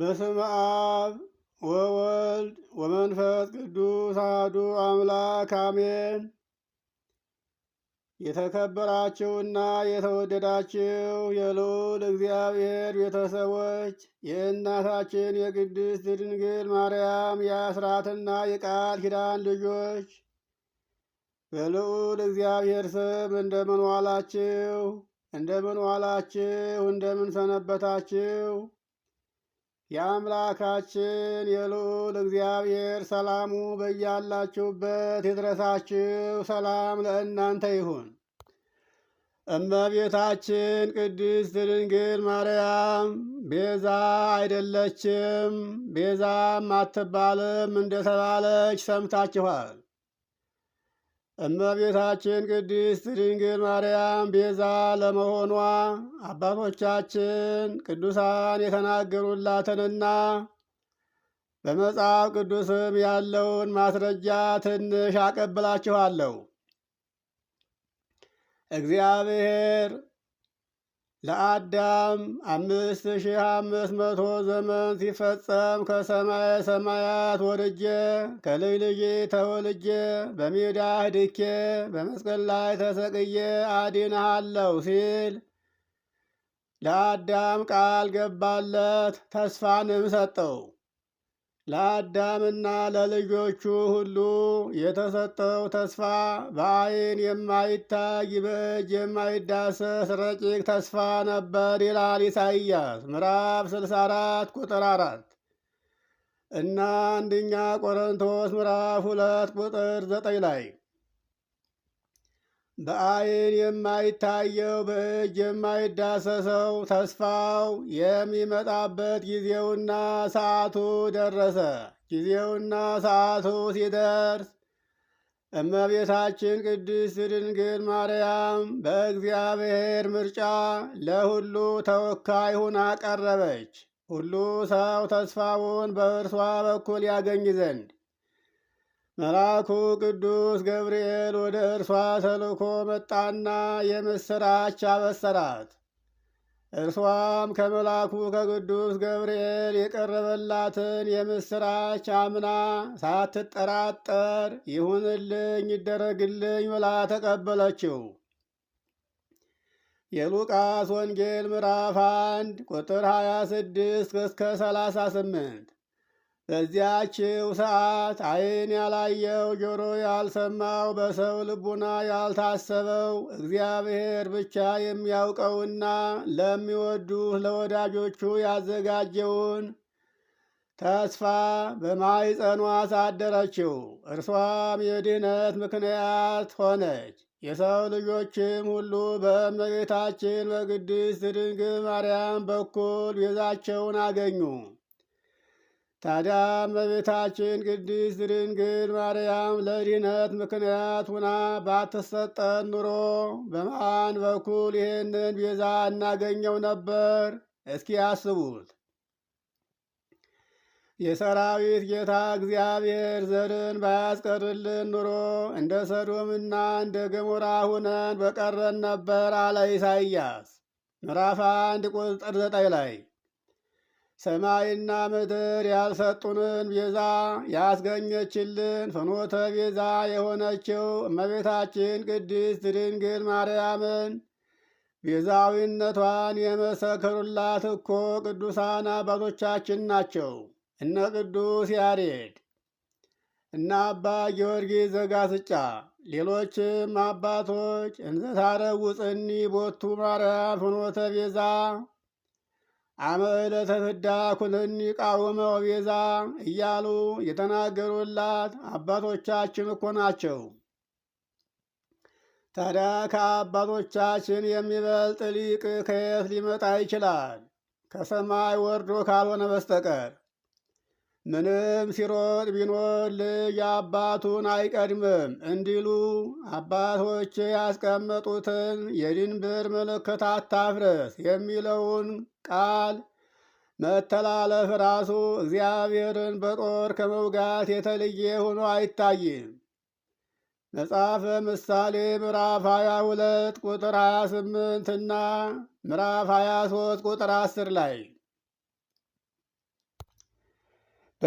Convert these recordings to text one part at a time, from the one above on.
በስመ አብ ወወልድ ወመንፈስ ቅዱስ አሐዱ አምላክ አሜን። የተከበራችሁና የተወደዳችሁ የልዑል እግዚአብሔር ቤተሰቦች የእናታችን የቅድስት ድንግል ማርያም የአስራትና የቃል ኪዳን ልጆች በልዑል እግዚአብሔር ስም እንደምን ዋላችሁ? እንደምን ዋላችሁ? እንደምን ሰነበታችሁ? የአምላካችን የልዑል እግዚአብሔር ሰላሙ በያላችሁበት ይድረሳችሁ። ሰላም ለእናንተ ይሁን። እመቤታችን ቅድስት ድንግል ማርያም ቤዛ አይደለችም ቤዛም አትባልም እንደተባለች ሰምታችኋል። እመቤታችን ቅድስት ድንግል ማርያም ቤዛ ለመሆኗ አባቶቻችን ቅዱሳን የተናገሩላትንና በመጽሐፍ ቅዱስም ያለውን ማስረጃ ትንሽ አቀብላችኋለሁ። እግዚአብሔር ለአዳም አምስት ሺህ አምስት መቶ ዘመን ሲፈጸም ከሰማይ ሰማያት ወርጄ ከልጅ ልጅ ተወልጄ በሜዳ ድኬ በመስቀል ላይ ተሰቅዬ አድንሃለሁ ሲል ለአዳም ቃል ገባለት፣ ተስፋንም ሰጠው። ለአዳምና ለልጆቹ ሁሉ የተሰጠው ተስፋ በአይን የማይታይ በእጅ የማይዳሰስ ረቂቅ ተስፋ ነበር ይላል ኢሳይያስ ምዕራፍ 64 ቁጥር አራት እና አንደኛ ቆሮንቶስ ምዕራፍ ሁለት ቁጥር ዘጠኝ ላይ በአይን የማይታየው በእጅ የማይዳሰሰው ተስፋው የሚመጣበት ጊዜውና ሰዓቱ ደረሰ። ጊዜውና ሰዓቱ ሲደርስ እመቤታችን ቅድስት ድንግል ማርያም በእግዚአብሔር ምርጫ ለሁሉ ተወካይ ሁና ቀረበች። ሁሉ ሰው ተስፋውን በእርሷ በኩል ያገኝ ዘንድ መልአኩ ቅዱስ ገብርኤል ወደ እርሷ ተልኮ መጣና የምሥራች አበሰራት። እርሷም ከመልአኩ ከቅዱስ ገብርኤል የቀረበላትን የምሥራች አምና ሳትጠራጠር ይሁንልኝ ይደረግልኝ ብላ ተቀበለችው። የሉቃስ ወንጌል ምዕራፍ 1 ቁጥር 26 እስከ 38 በዚያችው ሰዓት ዓይን ያላየው ጆሮ ያልሰማው በሰው ልቡና ያልታሰበው እግዚአብሔር ብቻ የሚያውቀውና ለሚወዱት ለወዳጆቹ ያዘጋጀውን ተስፋ በማይጸኗ አሳደረችው። እርሷም የድህነት ምክንያት ሆነች። የሰው ልጆችም ሁሉ በእመቤታችን በቅድስት ድንግል ማርያም በኩል ቤዛቸውን አገኙ። ታዲያ እመቤታችን ቅድስት ድንግል ማርያም ለድህነት ምክንያት ሁና ባትሰጠን ኑሮ በማን በኩል ይህንን ቤዛ እናገኘው ነበር? እስኪ አስቡት። የሰራዊት ጌታ እግዚአብሔር ዘርን ባያስቀርልን ኑሮ እንደ ሰዶምና እንደ ገሞራ ሁነን በቀረን ነበር አለ ኢሳይያስ ምዕራፍ አንድ ቁጥር ዘጠኝ ላይ ሰማይና ምድር ያልሰጡንን ቤዛ ያስገኘችልን ፍኖተ ቤዛ የሆነችው እመቤታችን ቅድስት ድንግል ማርያምን ቤዛዊነቷን የመሰከሩላት እኮ ቅዱሳን አባቶቻችን ናቸው። እነ ቅዱስ ያሬድ እና አባ ጊዮርጊስ ዘጋስጫ ሌሎችም አባቶች እንዘ ታረውፅኒ ቦቱ ማርያም ፍኖተ ቤዛ አመዕለተ ፍዳ ኩልኒ ቃወመ ወቤዛ እያሉ የተናገሩላት አባቶቻችን እኮ ናቸው። ታዲያ ከአባቶቻችን የሚበልጥ ሊቅ ከየት ሊመጣ ይችላል? ከሰማይ ወርዶ ካልሆነ በስተቀር ምንም ሲሮጥ ቢኖር ልጅ አባቱን አይቀድምም እንዲሉ አባቶች ያስቀመጡትን የድንብር ምልክት አታፍረስ የሚለውን ቃል መተላለፍ ራሱ እግዚአብሔርን በጦር ከመውጋት የተለየ ሆኖ አይታይም። መጽሐፈ ምሳሌ ምዕራፍ 22 ቁጥር 28 እና ምዕራፍ 23 ቁጥር 10 ላይ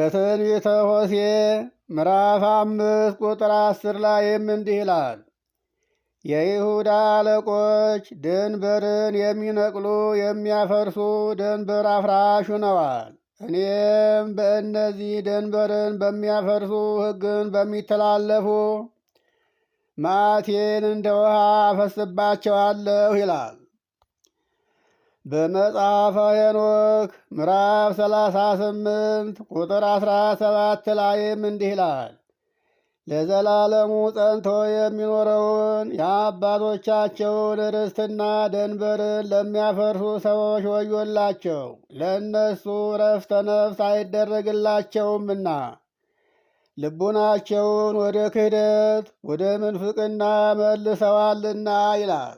በትንቢተ ሆሴዕ ምዕራፍ አምስት ቁጥር አስር ላይም እንዲህ ይላል የይሁዳ አለቆች ድንበርን የሚነቅሉ የሚያፈርሱ ድንበር አፍራሽ ሆነዋል። እኔም በእነዚህ ድንበርን በሚያፈርሱ ሕግን በሚተላለፉ ማቴን እንደ ውሃ አፈስባቸዋለሁ ይላል። በመጽሐፈ ሄኖክ ምዕራፍ 38 ቁጥር 17 ላይም እንዲህ ይላል ለዘላለሙ ጸንቶ የሚኖረውን የአባቶቻቸውን ርስትና ደንበርን ለሚያፈርሱ ሰዎች ወዮላቸው፣ ለእነሱ ረፍተ ነፍስ አይደረግላቸውምና። ልቡናቸውን ወደ ክህደት ወደ ምንፍቅና መልሰዋልና ይላል።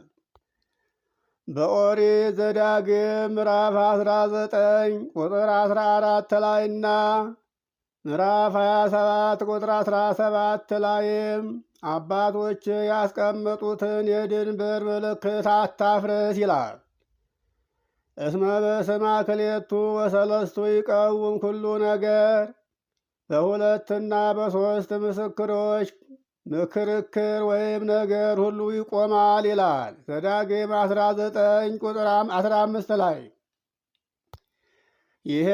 በኦሪት ዘዳግም ምዕራፍ አስራ ዘጠኝ ቁጥር አስራ አራት ላይና ምዕራፍ ሀያ ሰባት ቁጥር አስራ ሰባት ላይም አባቶች ያስቀመጡትን የድንበር ምልክት አታፍርስ ይላል። እስመ በስማ ክሌቱ ወሰለስቱ ይቀውም ኩሉ ነገር በሁለትና በሦስት ምስክሮች ምክርክር ወይም ነገር ሁሉ ይቆማል ይላል ዘዳግም 19 ቁጥር 15 ላይ። ይሄ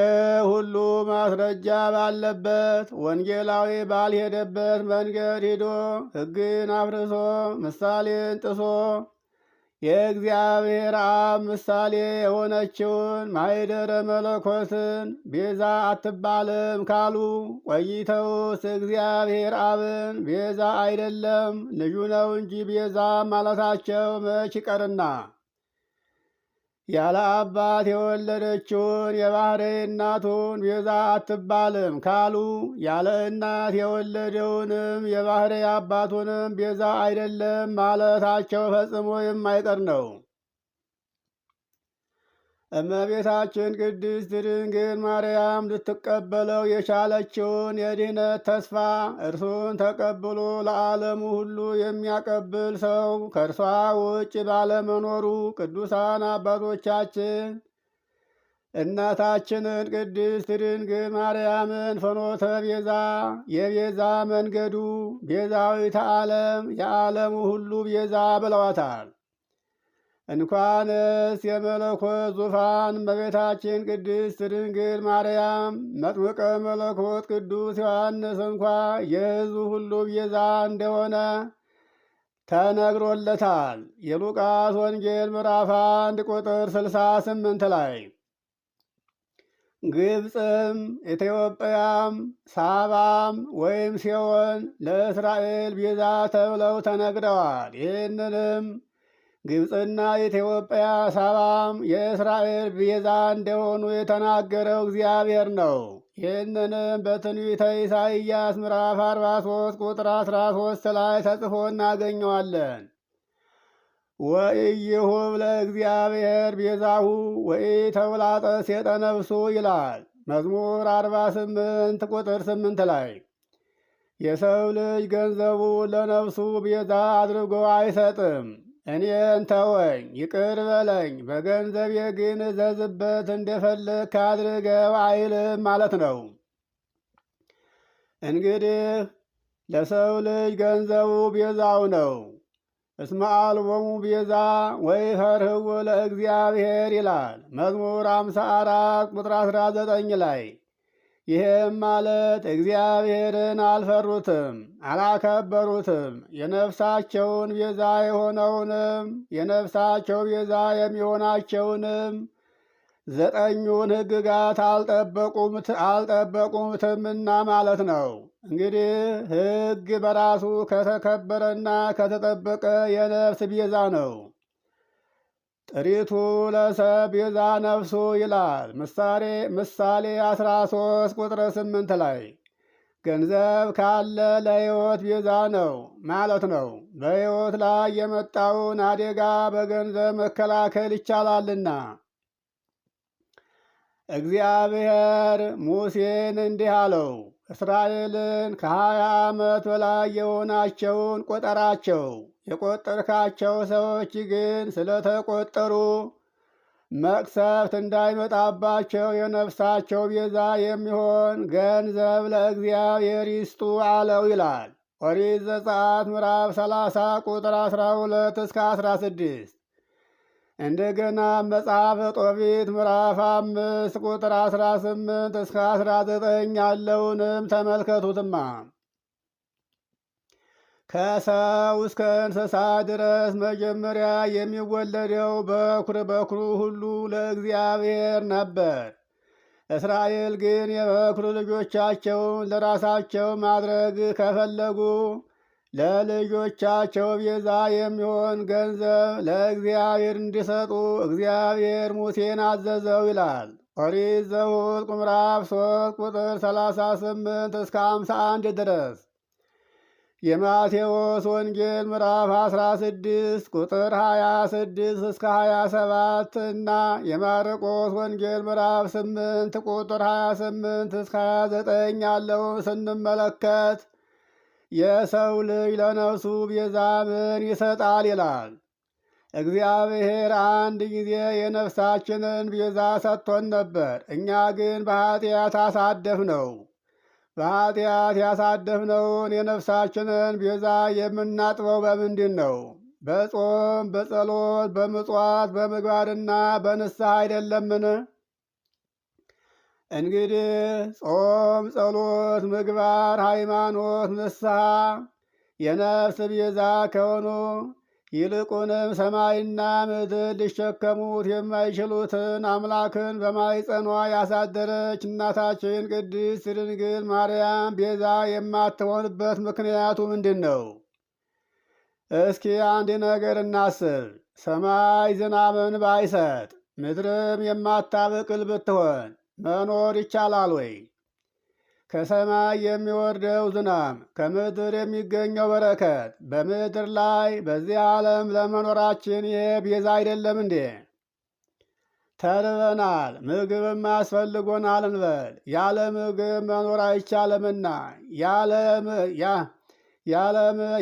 ሁሉ ማስረጃ ባለበት ወንጌላዊ ባልሄደበት መንገድ ሂዶ ሕግን አፍርሶ ምሳሌን ጥሶ የእግዚአብሔር አብ ምሳሌ የሆነችውን ማይደረ መለኮትን ቤዛ አትባልም ካሉ ቆይተውስ እግዚአብሔር አብን ቤዛ አይደለም ልጁ ነው እንጂ ቤዛ ማለታቸው መች ይቀርና ያለ አባት የወለደችውን የባሕርይ እናቱን ቤዛ አትባልም ካሉ ያለ እናት የወለደውንም የባሕርይ አባቱንም ቤዛ አይደለም ማለታቸው ፈጽሞ የማይቀር ነው። እመቤታችን ቅድስት ድንግል ማርያም ልትቀበለው የቻለችውን የድህነት ተስፋ እርሱን ተቀብሎ ለዓለሙ ሁሉ የሚያቀብል ሰው ከእርሷ ውጭ ባለመኖሩ ቅዱሳን አባቶቻችን እናታችንን ቅድስት ድንግል ማርያምን ፍኖተ ቤዛ የቤዛ መንገዱ ቤዛዊተ ዓለም የዓለሙ ሁሉ ቤዛ ብለዋታል። እንኳንስ የመለኮት ዙፋን እመቤታችን ቅድስት ድንግል ማርያም መጥምቀ መለኮት ቅዱስ ዮሐንስ እንኳ የሕዝብ ሁሉ ቤዛ እንደሆነ ተነግሮለታል። የሉቃስ ወንጌል ምዕራፍ አንድ ቁጥር ስልሳ ስምንት ላይ ግብፅም ኢትዮጵያም ሳባም ወይም ሲሆን ለእስራኤል ቤዛ ተብለው ተነግረዋል። ይህንንም ግብፅና ኢትዮጵያ ሳባም የእስራኤል ቤዛ እንደሆኑ የተናገረው እግዚአብሔር ነው። ይህንንም በትንቢተ ኢሳይያስ ምዕራፍ 43 ቁጥር 13 ላይ ተጽፎ እናገኘዋለን። ወኢይሁብ ለእግዚአብሔር ቤዛሁ ወኢተውላጠ ሴጠ ነፍሱ ይላል መዝሙር 48 ቁጥር 8 ላይ የሰው ልጅ ገንዘቡ ለነፍሱ ቤዛ አድርጎ አይሰጥም። እኔን ተወኝ ይቅር በለኝ፣ በገንዘቤ ግን እዘዝበት እንደፈልግ ካድርገው አይልም ማለት ነው። እንግዲህ ለሰው ልጅ ገንዘቡ ቤዛው ነው። እስመ አልቦሙ ቤዛ ወይ ኸርህዎ ለእግዚአብሔር ይላል መዝሙር አምሳ አራት ቁጥር አስራ ዘጠኝ ላይ ይህም ማለት እግዚአብሔርን አልፈሩትም፣ አላከበሩትም። የነፍሳቸውን ቤዛ የሆነውንም የነፍሳቸው ቤዛ የሚሆናቸውንም ዘጠኙን ሕግጋት አልጠበቁምትምና ማለት ነው። እንግዲህ ሕግ በራሱ ከተከበረና ከተጠበቀ የነፍስ ቤዛ ነው። ጥሪቱ ለሰብ ቤዛ ነፍሱ ይላል ምሳሌ ምሳሌ 13 ቁጥር 8 ላይ ገንዘብ ካለ ለሕይወት ቤዛ ነው ማለት ነው። በሕይወት ላይ የመጣውን አደጋ በገንዘብ መከላከል ይቻላልና እግዚአብሔር ሙሴን እንዲህ አለው። እስራኤልን ከሀያ ዓመት በላይ የሆናቸውን ቆጠራቸው። የቆጠርካቸው ሰዎች ግን ስለተቆጠሩ መቅሰፍት እንዳይመጣባቸው የነፍሳቸው ቤዛ የሚሆን ገንዘብ ለእግዚአብሔር ይስጡ አለው ይላል ኦሪት ዘጸአት ምዕራፍ 30 ቁጥር 12 እስከ 16 እንደገና መጽሐፈ ጦቢት ምዕራፍ አምስት ቁጥር አስራ ስምንት እስከ አስራ ዘጠኝ ያለውንም ተመልከቱትማ። ከሰው እስከ እንስሳ ድረስ መጀመሪያ የሚወለደው በኩር በኩሩ ሁሉ ለእግዚአብሔር ነበር። እስራኤል ግን የበኩር ልጆቻቸውን ለራሳቸው ማድረግ ከፈለጉ ለልጆቻቸው ቤዛ የሚሆን ገንዘብ ለእግዚአብሔር እንዲሰጡ እግዚአብሔር ሙሴን አዘዘው ይላል። ኦሪት ዘኍልቍ ምዕራፍ 3 ቁጥር 38 እስከ 51 ድረስ የማቴዎስ ወንጌል ምዕራፍ 16 ቁጥር 26 እስከ 27 እና የማርቆስ ወንጌል ምዕራፍ 8 ቁጥር 28 እስከ 29 ያለውን ስንመለከት የሰው ልጅ ለነፍሱ ቤዛ ምን ይሰጣል ይላል። እግዚአብሔር አንድ ጊዜ የነፍሳችንን ቤዛ ሰጥቶን ነበር። እኛ ግን በኃጢአት አሳደፍነው። በኃጢአት ያሳደፍነውን የነፍሳችንን ቤዛ የምናጥበው በምንድን ነው? በጾም፣ በጸሎት፣ በምጽዋት፣ በምግባርና በንስሐ አይደለምን? እንግዲህ ጾም፣ ጸሎት፣ ምግባር፣ ሃይማኖት፣ ንስሐ የነፍስ ቤዛ ከሆኑ ይልቁንም ሰማይና ምድር ሊሸከሙት የማይችሉትን አምላክን በማይጸኗ ያሳደረች እናታችን ቅድስት ድንግል ማርያም ቤዛ የማትሆንበት ምክንያቱ ምንድን ነው? እስኪ አንድ ነገር እናስብ። ሰማይ ዝናብን ባይሰጥ ምድርም የማታበቅል ብትሆን መኖር ይቻላል ወይ? ከሰማይ የሚወርደው ዝናም ከምድር የሚገኘው በረከት በምድር ላይ በዚህ ዓለም ለመኖራችን ይሄ ቤዛ አይደለም እንዴ? ተርበናል፣ ምግብም አስፈልጎናል እንበል። ያለ ምግብ መኖር አይቻለምና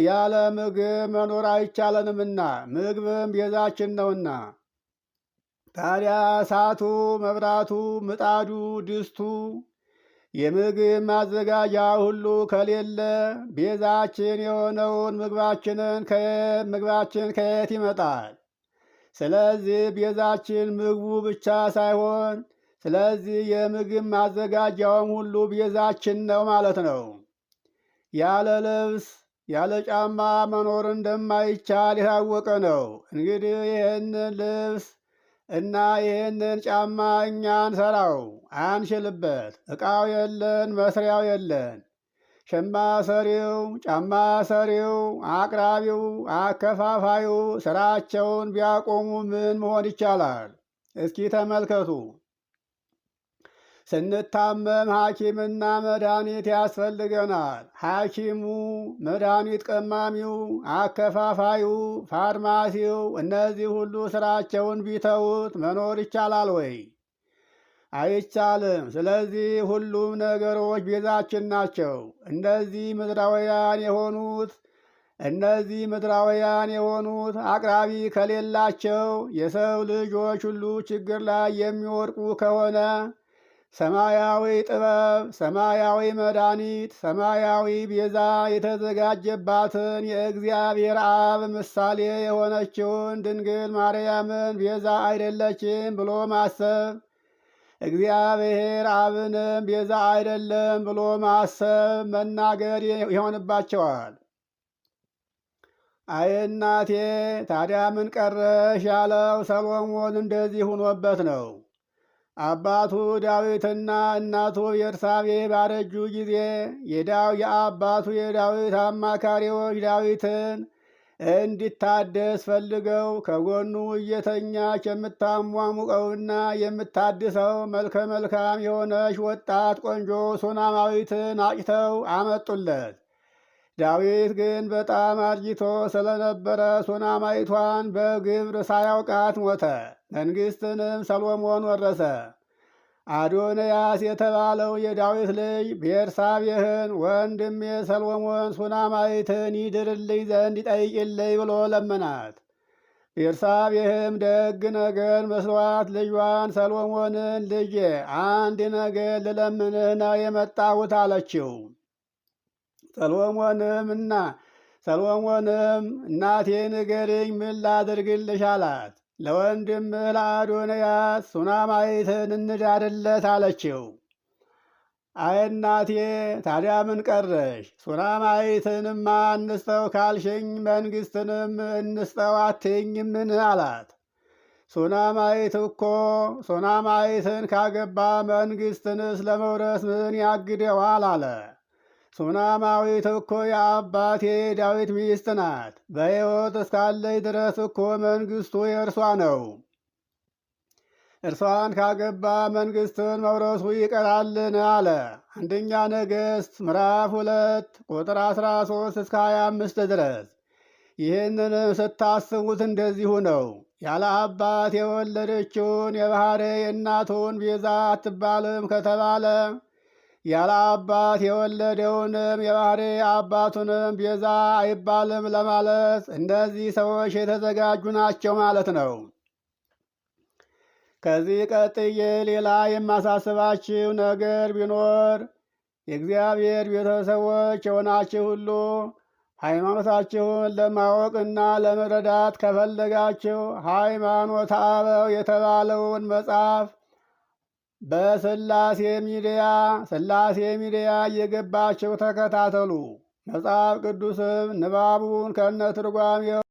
ያለ ምግብ መኖር አይቻለንምና ምግብም ቤዛችን ነውና ታዲያ እሳቱ፣ መብራቱ፣ ምጣዱ፣ ድስቱ የምግብ ማዘጋጃ ሁሉ ከሌለ ቤዛችን የሆነውን ምግባችንን ምግባችን ከየት ይመጣል? ስለዚህ ቤዛችን ምግቡ ብቻ ሳይሆን ስለዚህ የምግብ ማዘጋጃውም ሁሉ ቤዛችን ነው ማለት ነው። ያለ ልብስ ያለ ጫማ መኖር እንደማይቻል የታወቀ ነው። እንግዲህ ይህንን ልብስ እና ይህንን ጫማ እኛ እንሰራው አንሽልበት፣ ዕቃው የለን፣ መስሪያው የለን። ሸማ ሰሪው፣ ጫማ ሰሪው፣ አቅራቢው፣ አከፋፋዩ ስራቸውን ቢያቆሙ ምን መሆን ይቻላል? እስኪ ተመልከቱ። ስንታመም ሐኪምና መድኃኒት ያስፈልገናል። ሐኪሙ፣ መድኃኒት ቀማሚው፣ አከፋፋዩ፣ ፋርማሲው እነዚህ ሁሉ ስራቸውን ቢተውት መኖር ይቻላል ወይ? አይቻልም። ስለዚህ ሁሉም ነገሮች ቤዛችን ናቸው። እነዚህ ምድራውያን የሆኑት እነዚህ ምድራውያን የሆኑት አቅራቢ ከሌላቸው የሰው ልጆች ሁሉ ችግር ላይ የሚወድቁ ከሆነ ሰማያዊ ጥበብ፣ ሰማያዊ መድኃኒት፣ ሰማያዊ ቤዛ የተዘጋጀባትን የእግዚአብሔር አብ ምሳሌ የሆነችውን ድንግል ማርያምን ቤዛ አይደለችም ብሎ ማሰብ እግዚአብሔር አብንም ቤዛ አይደለም ብሎ ማሰብ መናገር ይሆንባቸዋል። አይ እናቴ ታዲያ ምን ቀረሽ ያለው ሰሎሞን እንደዚህ ሆኖበት ነው። አባቱ ዳዊትና እናቱ ቤርሳቤ ባረጁ ጊዜ የአባቱ የዳዊት አማካሪዎች ዳዊትን እንዲታደስ ፈልገው ከጎኑ እየተኛች የምታሟሙቀውና የምታድሰው መልከ መልካም የሆነች ወጣት ቆንጆ ሱናማዊትን አጭተው አመጡለት። ዳዊት ግን በጣም አርጅቶ ስለነበረ ሱናማይቷን በግብር ሳያውቃት ሞተ። መንግሥትንም ሰሎሞን ወረሰ። አዶንያስ የተባለው የዳዊት ልጅ ቤርሳቤህን ወንድሜ ሰሎሞን ሱናማይትን ይድርልኝ ዘንድ ይጠይቅልኝ ብሎ ለመናት። ቤርሳቤህም ደግ ነገር መስሏት ልጇን ሰሎሞንን ልጄ አንድ ነገር ልለምንህ ነው የመጣሁት አለችው። ሰሎሞንምና ሰሎሞንም እናቴ ንገሪኝ ምን ላድርግልሽ አላት። ለወንድምህ ለአዶንያስ ሱናማይትን እንዳድለት አለችው። አይ እናቴ ታዲያ ምን ቀረሽ? ሱናማይትንማ እንስጠው ካልሽኝ መንግስትንም እንስጠው ምን አላት። ሱናማይት እኮ ሱናማይትን ካገባ መንግስትንስ ለመውረስ ምን ያግደዋል አለ። ሱናማዊ እኮ የአባቴ ዳዊት ሚስት ናት። በሕይወት እስካለች ድረስ እኮ መንግስቱ የእርሷ ነው። እርሷን ካገባ መንግስትን መውረሱ ይቀራልን? አለ አንደኛ ነገሥት ምዕራፍ ሁለት ቁጥር አስራ ሶስት እስከ ሀያ አምስት ድረስ። ይህንንም ስታስቡት እንደዚሁ ነው። ያለ አባት የወለደችውን የባሕርይ እናቱን ቤዛ አትባልም ከተባለ ያለ አባት የወለደውንም የባህሪ አባቱንም ቤዛ አይባልም ለማለት እንደዚህ ሰዎች የተዘጋጁ ናቸው ማለት ነው። ከዚህ ቀጥዬ ሌላ የማሳስባችሁ ነገር ቢኖር የእግዚአብሔር ቤተሰቦች የሆናችሁ ሁሉ ሃይማኖታችሁን ለማወቅና ለመረዳት ከፈለጋችሁ ሃይማኖተ አበው የተባለውን መጽሐፍ በስላሴ ሚዲያ ስላሴ ሚዲያ እየገባችሁ ተከታተሉ። መጽሐፍ ቅዱስም ንባቡን ከነ ትርጓሜው